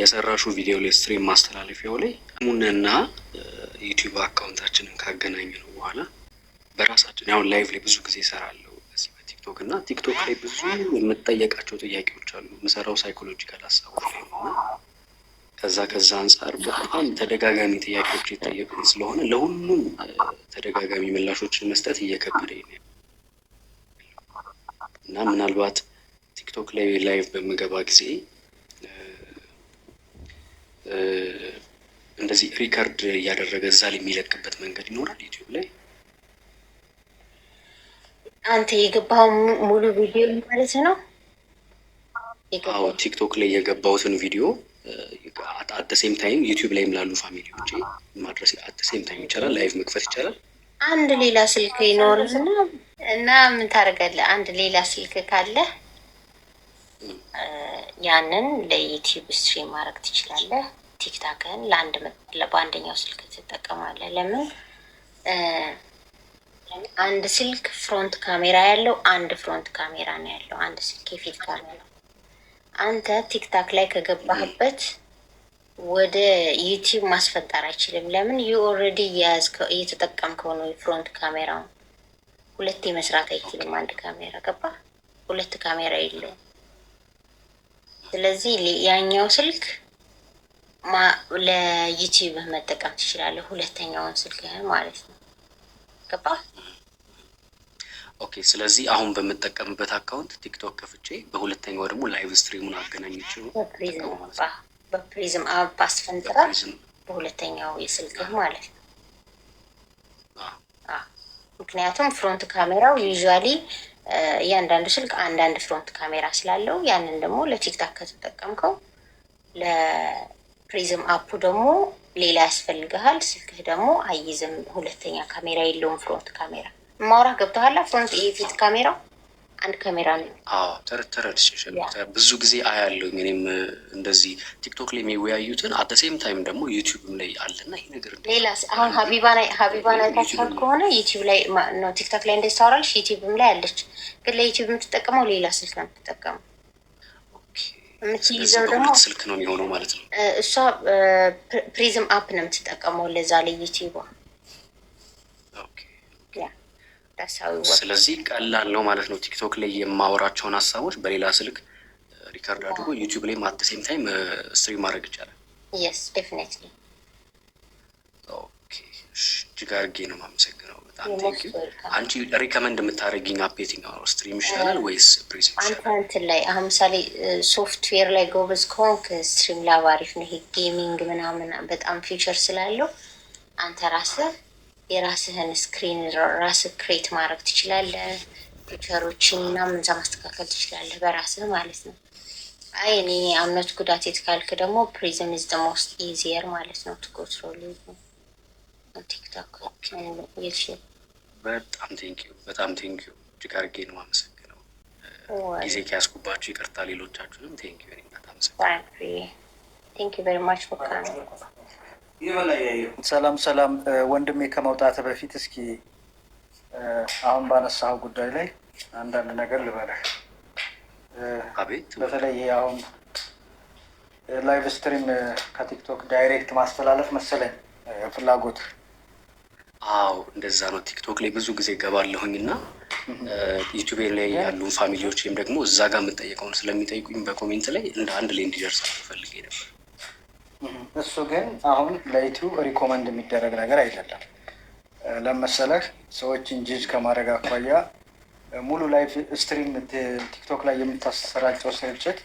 የሰራሹ ቪዲዮ ላይ ስትሪም ማስተላለፊያው ላይ ሙነና ዩቲዩብ አካውንታችንን ካገናኘ ነው በኋላ በራሳችን ያሁን ላይቭ ላይ ብዙ ጊዜ እሰራለሁ እዚህ በቲክቶክ እና ቲክቶክ ላይ ብዙ የምጠየቃቸው ጥያቄዎች አሉ። ምሰራው ሳይኮሎጂካል ሀሳቦች ከዛ ከዛ አንጻር በጣም ተደጋጋሚ ጥያቄዎች የጠየቁን ስለሆነ ለሁሉም ተደጋጋሚ ምላሾችን መስጠት እየከበደ እና ምናልባት ቲክቶክ ላይ ላይቭ በምገባ ጊዜ እንደዚህ ሪከርድ እያደረገ እዛ ላይ የሚለቅበት መንገድ ይኖራል ዩቲዩብ ላይ። አንተ የገባው ሙሉ ቪዲዮ ማለት ነው? አዎ ቲክቶክ ላይ የገባሁትን ቪዲዮ አት ሴም ታይም ዩቲዩብ ላይም ላሉ ፋሚሊዎች ማድረስ አት ሴም ታይም ይቻላል። ላይቭ መክፈት ይቻላል። አንድ ሌላ ስልክ ይኖርና እና ምን ታደርጋለህ? አንድ ሌላ ስልክ ካለ ያንን ለዩቲዩብ ስትሪም ማድረግ ትችላለህ። ቲክታክን በአንደኛው ስልክ ትጠቀማለህ። ለምን አንድ ስልክ ፍሮንት ካሜራ ያለው አንድ ፍሮንት ካሜራ ነው ያለው፣ አንድ ስልክ የፊት ካሜራ። አንተ ቲክታክ ላይ ከገባህበት ወደ ዩቲዩብ ማስፈጠር አይችልም። ለምን ዩ ኦልሬዲ እየተጠቀምከው ነው የፍሮንት ካሜራውን። ሁለቴ መስራት አይችልም። አንድ ካሜራ ገባ፣ ሁለት ካሜራ የለውም። ስለዚህ ያኛው ስልክ ለዩቲዩብህ መጠቀም ትችላለህ፣ ሁለተኛውን ስልክህን ማለት ነው። ገባ? ኦኬ። ስለዚህ አሁን በምጠቀምበት አካውንት ቲክቶክ ከፍቼ በሁለተኛው ደግሞ ላይቭ ስትሪሙን አገናኝ አገናኝቼ በፕሪዝም አፕ አስፈንጥራ በሁለተኛው የስልክህ ማለት ነው። ምክንያቱም ፍሮንት ካሜራው ዩዥዋሊ እያንዳንዱ ስልክ አንዳንድ ፍሮንት ካሜራ ስላለው ያንን ደግሞ ለቲክታክ ከተጠቀምከው ለፕሪዝም አፑ ደግሞ ሌላ ያስፈልግሃል። ስልክህ ደግሞ አይዝም፣ ሁለተኛ ካሜራ የለውም። ፍሮንት ካሜራ ማውራ ገብተኋላ። ፍሮንት የፊት ካሜራው አንድ ካሜራ ነው። አዎ ተረድቼሻል። ብዙ ጊዜ አያለሁ እኔም እንደዚህ ቲክቶክ ላይ የሚወያዩትን አት ሴም ታይም ደግሞ ዩቲዩብም ላይ አለና ይሄ ነገር ሌላ አሁን ሀቢባን አይታችኋት ከሆነ ዩቲዩብ ላይ ነው ቲክቶክ ላይ እንደስተዋራልሽ ዩቲዩብም ላይ አለች። ግን ለዩቲዩብ የምትጠቀመው ሌላ ስልክ ነው የምትጠቀመው የምትይዘው ደግሞ ስልክ ነው የሚሆነው ማለት ነው። እሷ ፕሪዝም አፕ ነው የምትጠቀመው ለዛ ለዩቲዩብ ስለዚህ ቀላል ነው ማለት ነው። ቲክቶክ ላይ የማወራቸውን ሀሳቦች በሌላ ስልክ ሪከርድ አድርጎ ዩቲዩብ ላይ ማት ሴም ታይም ስትሪም ማድረግ ይቻላል። እጅግ አድርጌ ነው የማመሰግነው። በጣም አንቺ ሪከመንድ የምታደርጊኝ አፕ የትኛው ስትሪም ይሻላል uh, ወይስ ፕሪዝ ይሻላል? አንተ እንትን ላይ አሁን ምሳሌ ሶፍትዌር uh, ላይ ጎበዝ ከሆንክ ስትሪም ላብ አሪፍ ነው። ይሄ ጌሚንግ ምናምን በጣም ፊቸር ስላለው አንተ ራስህ የራስህን ስክሪን ራስህ ክሬት ማድረግ ትችላለህ። ፒክቸሮችን ምናምን እዛ ማስተካከል ትችላለህ በራስህ ማለት ነው። አይ እኔ አምነት ጉዳት የትካልክ ደግሞ ፕሪዝም ኢዝ ዘ ሞስት ኢዚየር ማለት ነው። ትኮትሮል ቲክቶክ በጣም ቴንኪዩ፣ በጣም ቴንኪዩ እጅግ አድርጌ ነው አመሰግነው። ጊዜ ከያዝኩባችሁ ይቅርታ። ሌሎቻችሁንም ቴንኪዩ በጣም ቴንኪዩ ቬሪ ማች በቃ ሰላም ሰላም ወንድሜ፣ ከመውጣት በፊት እስኪ አሁን ባነሳው ጉዳይ ላይ አንዳንድ ነገር ልበለህ። በተለይ አሁን ላይቭ ስትሪም ከቲክቶክ ዳይሬክት ማስተላለፍ መሰለኝ ፍላጎት። አዎ እንደዛ ነው። ቲክቶክ ላይ ብዙ ጊዜ ገባለሁኝ እና ዩቱቤ ላይ ያሉ ፋሚሊዎች ወይም ደግሞ እዛ ጋር የምጠየቀውን ስለሚጠይቁኝ በኮሜንት ላይ እንደ አንድ ላይ እንዲደርስ ፈልጌ ነበር። እሱ ግን አሁን ለኢቱ ሪኮመንድ የሚደረግ ነገር አይደለም። ለመሰለህ ሰዎችን ጅጅ ከማድረግ አኳያ ሙሉ ላይፍ ስትሪም ቲክቶክ ላይ የምታሰራጨው ስርጭት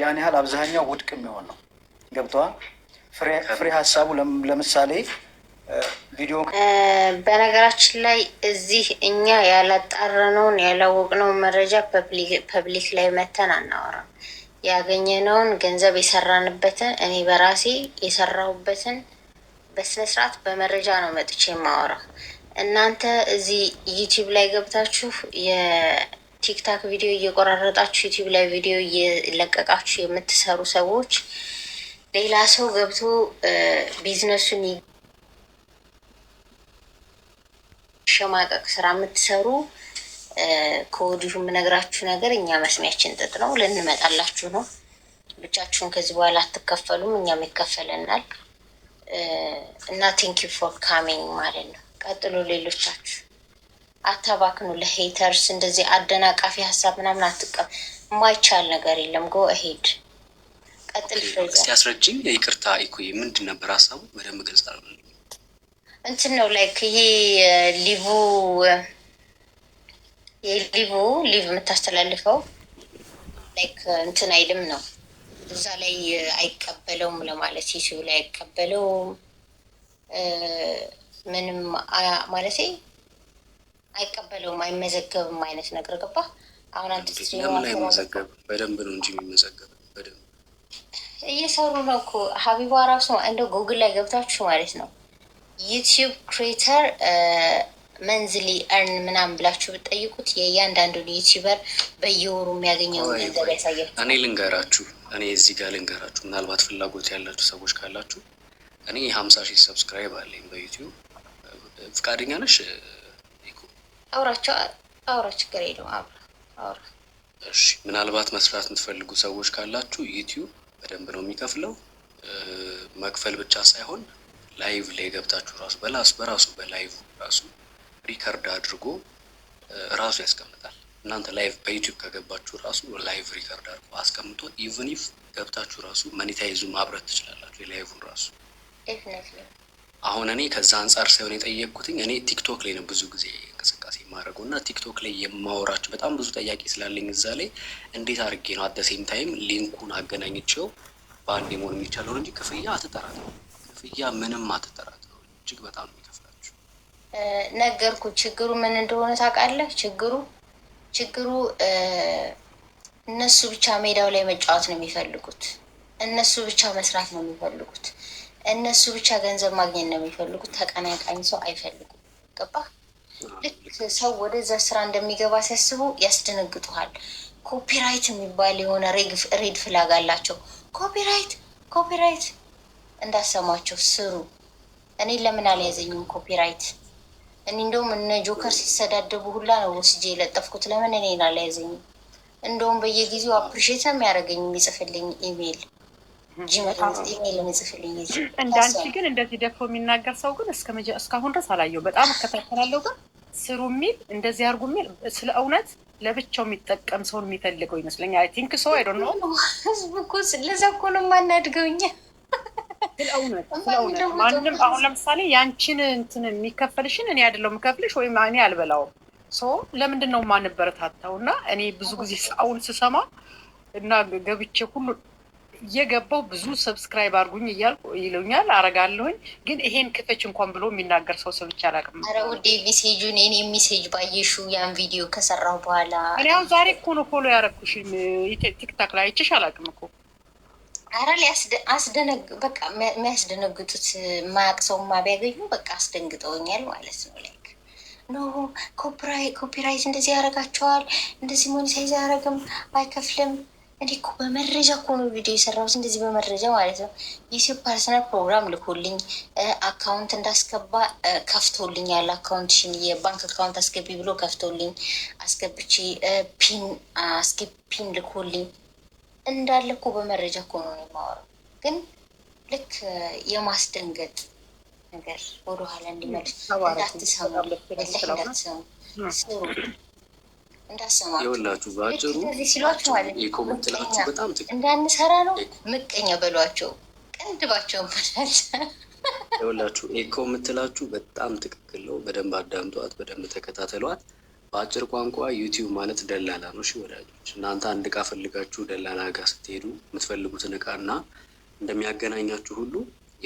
ያን ያህል አብዛኛው ውድቅ የሚሆን ነው። ገብተዋል። ፍሬ ሀሳቡ ለምሳሌ ቪዲዮ በነገራችን ላይ እዚህ እኛ ያላጣራነውን ያላወቅነውን መረጃ ፐብሊክ ላይ መተን አናወራም። ያገኘነውን ገንዘብ የሰራንበትን እኔ በራሴ የሰራሁበትን በስነስርዓት በመረጃ ነው መጥቼ የማወራው። እናንተ እዚህ ዩቲዩብ ላይ ገብታችሁ የቲክታክ ቪዲዮ እየቆራረጣችሁ ዩቲዩብ ላይ ቪዲዮ እየለቀቃችሁ የምትሰሩ ሰዎች ሌላ ሰው ገብቶ ቢዝነሱን ሸማቀቅ ስራ የምትሰሩ ከወዲሁ የምነግራችሁ ነገር እኛ መስሚያችን ጥጥ ነው። ልንመጣላችሁ ነው። ብቻችሁን ከዚህ በኋላ አትከፈሉም፣ እኛም ይከፈለናል እና ቴንክ ፎር ካሚንግ ማለት ነው። ቀጥሎ ሌሎቻችሁ አታባክኑ። ለሄተርስ እንደዚህ አደናቃፊ ሀሳብ ምናምን አትቀም። የማይቻል ነገር የለም። ጎ ሄድ ቀጥል። እስቲ አስረጅኝ። ይቅርታ ምንድን ነበር ሀሳቡ? በደንብ ገልጻ እንትን ነው ላይክ ይሄ ሊቡ የሊቭ ሊቭ የምታስተላልፈው ላይክ እንትን አይልም ነው እዛ ላይ አይቀበለውም ለማለት ዩቲዩብ ላይ አይቀበለውም ምንም ማለት አይቀበለውም አይመዘገብም አይነት ነገር ገባ። አሁን አንተ አይመዘገብም በደንብ ነው እንጂ የሚመዘገብ በደንብ እየሰሩ ነው እኮ ሀቢባ ራሱ እንደ ጉግል ላይ ገብታችሁ ማለት ነው ዩቲዩብ ክሬተር መንዝሊ እርን ምናምን ብላችሁ ብጠይቁት የእያንዳንዱን ዩቲበር በየወሩ የሚያገኘው ገንዘብ ያሳያል። እኔ ልንገራችሁ፣ እኔ እዚህ ጋር ልንገራችሁ፣ ምናልባት ፍላጎት ያላችሁ ሰዎች ካላችሁ እኔ የሀምሳ ሺህ ሰብስክራይብ አለኝ በዩቲዩብ። ፍቃደኛ ነሽ? አውራቸው አውራ፣ ችግር የለውም አውራ እሺ፣ ምናልባት መስራት የምትፈልጉ ሰዎች ካላችሁ ዩቲዩብ በደንብ ነው የሚከፍለው። መክፈል ብቻ ሳይሆን ላይቭ ላይ ገብታችሁ ራሱ በራሱ በላይቭ ራሱ ሪከርድ አድርጎ ራሱ ያስቀምጣል። እናንተ ላይቭ በዩቲዩብ ከገባችሁ ራሱ ላይቭ ሪከርድ አድርጎ አስቀምጦ ኢቨን ኢፍ ገብታችሁ ራሱ መኔታይዙ ማብረት ትችላላችሁ። የላይቭን ራሱ አሁን እኔ ከዛ አንጻር ሳይሆን የጠየቅኩትኝ እኔ ቲክቶክ ላይ ነው ብዙ ጊዜ እንቅስቃሴ የማደርገው እና ቲክቶክ ላይ የማወራቸው በጣም ብዙ ጥያቄ ስላለኝ እዛ ላይ እንዴት አድርጌ ነው አደሴም ታይም ሊንኩን አገናኝቸው በአንድ መሆን የሚቻለው እንጂ ክፍያ አትጠራጥሩ፣ ክፍያ ምንም አትጠራጥሩ። እጅግ በጣም ይከፍላል። ነገርኩ። ችግሩ ምን እንደሆነ ታውቃለህ? ችግሩ ችግሩ እነሱ ብቻ ሜዳው ላይ መጫወት ነው የሚፈልጉት። እነሱ ብቻ መስራት ነው የሚፈልጉት። እነሱ ብቻ ገንዘብ ማግኘት ነው የሚፈልጉት። ተቀናቃኝ ሰው አይፈልጉም። ገባ? ልክ ሰው ወደዛ ስራ እንደሚገባ ሲያስቡ ያስደነግጡሃል። ኮፒራይት የሚባል የሆነ ሬድ ፍላግ አላቸው። ኮፒራይት ኮፒራይት እንዳሰማቸው ስሩ። እኔ ለምን አልያዘኝም ኮፒራይት እኔ እንደውም እነ ጆከር ሲሰዳደቡ ሁላ ነው ወስጄ የለጠፍኩት። ለምን እኔን አልያዘኝም? እንደውም በየጊዜው አፕሪሼት የሚያደርገኝ የሚጽፍልኝ ኢሜል ኢሜል የሚጽፍልኝ እንዳንቺ ግን እንደዚህ ደፍሮ የሚናገር ሰው ግን እስካሁን ድረስ አላየው። በጣም እከታተላለሁ ግን ስሩ የሚል እንደዚህ አርጉ የሚል ስለ እውነት ለብቻው የሚጠቀም ሰውን የሚፈልገው ይመስለኛል። አይ ቲንክ ሰው አይዶ ነው ህዝብ እኮ ለዛ እኮ ነው የማናድገው ማንም አሁን ለምሳሌ ያንቺን እንትን የሚከፈልሽን እኔ አይደለው የምከፍልሽ ወይም እኔ አልበላውም። ሰው ለምንድን ነው የማንበረታታው? እና እኔ ብዙ ጊዜ አሁን ስሰማ እና ገብቼ ሁሉ እየገባው ብዙ ሰብስክራይብ አድርጉኝ እያልኩ ይሉኛል፣ አረጋለሁኝ። ግን ይሄን ክፈች እንኳን ብሎ የሚናገር ሰው ሰብቻ አላውቅም። ኧረ ውዴ ሜሴጁን እኔ ሜሴጅ ባየሹ ያን ቪዲዮ ከሰራው በኋላ እኔ አሁን ዛሬ እኮ ነው ፎሎ ያደረኩሽ። ቲክታክ ላይ አይቼሽ አላውቅም እኮ አረ አስደነግ በቃ የሚያስደነግጡት ማያቅ ማ ቢያገኙ በቃ አስደንግጠውኛል ማለት ነው። ላይክ ኖ ኮፒራይት እንደዚህ ያደርጋቸዋል፣ እንደዚህ ሞኒታይዝ አያደርግም፣ አይከፍልም። እኔ እኮ በመረጃ እኮ ነው ቪዲዮ የሰራሁት፣ እንደዚህ በመረጃ ማለት ነው። የኢትዮ ፐርሰናል ፕሮግራም ልኮልኝ አካውንት እንዳስገባ ከፍቶልኛል። አካውንትሽን የባንክ አካውንት አስገቢ ብሎ ከፍቶልኝ አስገብቼ ፒን ፒን ልኮልኝ እንዳለ እኮ በመረጃ እኮ ነው የማወራው፣ ግን ልክ የማስደንገጥ ነገር ወደኋላ እንዲመልስ እንዳትሰሙ እንዳትሰሙ እንዳሰማሁላችሁ በአጭሩ ሲሏችኋል እንዳንሰራ ነው። ምቀኛ በሏቸው፣ ቅንድባቸውን በላቸ ይኸውላችሁ ኤኮ የምትላችሁ በጣም ትክክል ነው። በደንብ አዳምጧት፣ በደንብ ተከታተሏት። በአጭር ቋንቋ ዩቲዩብ ማለት ደላላ ነው። እሺ ወዳጆች፣ እናንተ አንድ እቃ ፈልጋችሁ ደላላ ጋር ስትሄዱ የምትፈልጉትን እቃ እና እንደሚያገናኛችሁ ሁሉ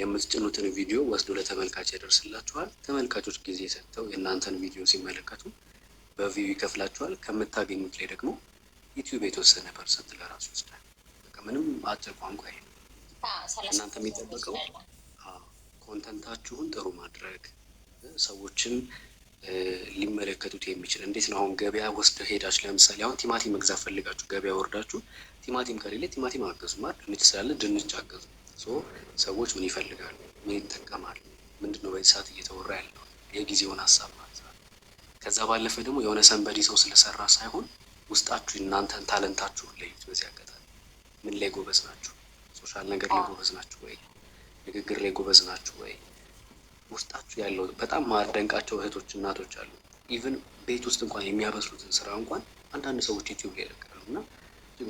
የምትጭኑትን ቪዲዮ ወስዶ ለተመልካች ያደርስላችኋል። ተመልካቾች ጊዜ ሰጥተው የእናንተን ቪዲዮ ሲመለከቱ በቪዩ ይከፍላችኋል። ከምታገኙት ላይ ደግሞ ዩቲዩብ የተወሰነ ፐርሰንት ለራሱ ይወስዳል። በቃ ምንም አጭር ቋንቋ ይሄ እናንተ የሚጠበቀው ኮንተንታችሁን ጥሩ ማድረግ ሰዎችን ሊመለከቱት የሚችል እንዴት ነው? አሁን ገበያ ወስደ ሄዳችሁ ለምሳሌ አሁን ቲማቲም መግዛት ፈልጋችሁ ገበያ ወርዳችሁ ቲማቲም ከሌለ ቲማቲም አገዙ ማ ድንች ስላለ ድንች አገዙ። ሰዎች ምን ይፈልጋሉ? ምን ይጠቀማሉ? ምንድን ነው በዚህ ሰዓት እየተወራ ያለው? የጊዜውን ሀሳብ ማንሳት። ከዛ ባለፈ ደግሞ የሆነ ሰንበዲ ሰው ስለሰራ ሳይሆን ውስጣችሁ እናንተን ታለንታችሁ ለዩት። በዚህ አጋጣሚ ምን ላይ ጎበዝ ናችሁ? ሶሻል ነገር ላይ ጎበዝ ናችሁ ወይ? ንግግር ላይ ጎበዝ ናችሁ ወይ? ውስጣችሁ ያለው በጣም ማደንቃቸው እህቶች እናቶች አሉ። ኢቨን ቤት ውስጥ እንኳን የሚያበስሉትን ስራ እንኳን አንዳንድ ሰዎች ዩቲዩብ ላይ እና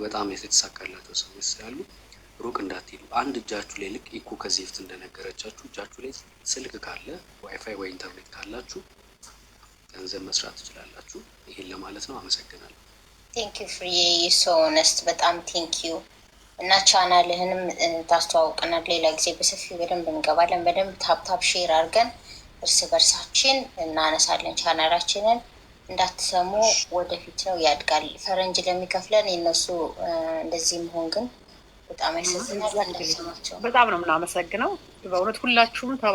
በጣም የተሳካላቸው ሰዎች ስላሉ ሩቅ እንዳትሄዱ። አንድ እጃችሁ ላይ ልክ ኢኮ ከዚህ ፊት እንደነገረቻችሁ እጃችሁ ላይ ስልክ ካለ ዋይፋይ ወይ ኢንተርኔት ካላችሁ ገንዘብ መስራት ትችላላችሁ። ይህን ለማለት ነው። አመሰግናለሁ። ቴንኪዩ ፍሬዬ፣ ሶ ኦነስት በጣም ዩ እና ቻናልህንም ታስተዋውቀናል። ሌላ ጊዜ በሰፊ በደንብ እንገባለን። በደንብ ታፕታፕ ሼር አድርገን እርስ በርሳችን እናነሳለን። ቻናላችንን እንዳትሰሙ፣ ወደፊት ነው ያድጋል። ፈረንጅ ለሚከፍለን የነሱ እንደዚህ መሆን ግን በጣም ያሳዝናል። እንዳትሰማቸው በጣም ነው የምናመሰግነው በእውነት ሁላችሁም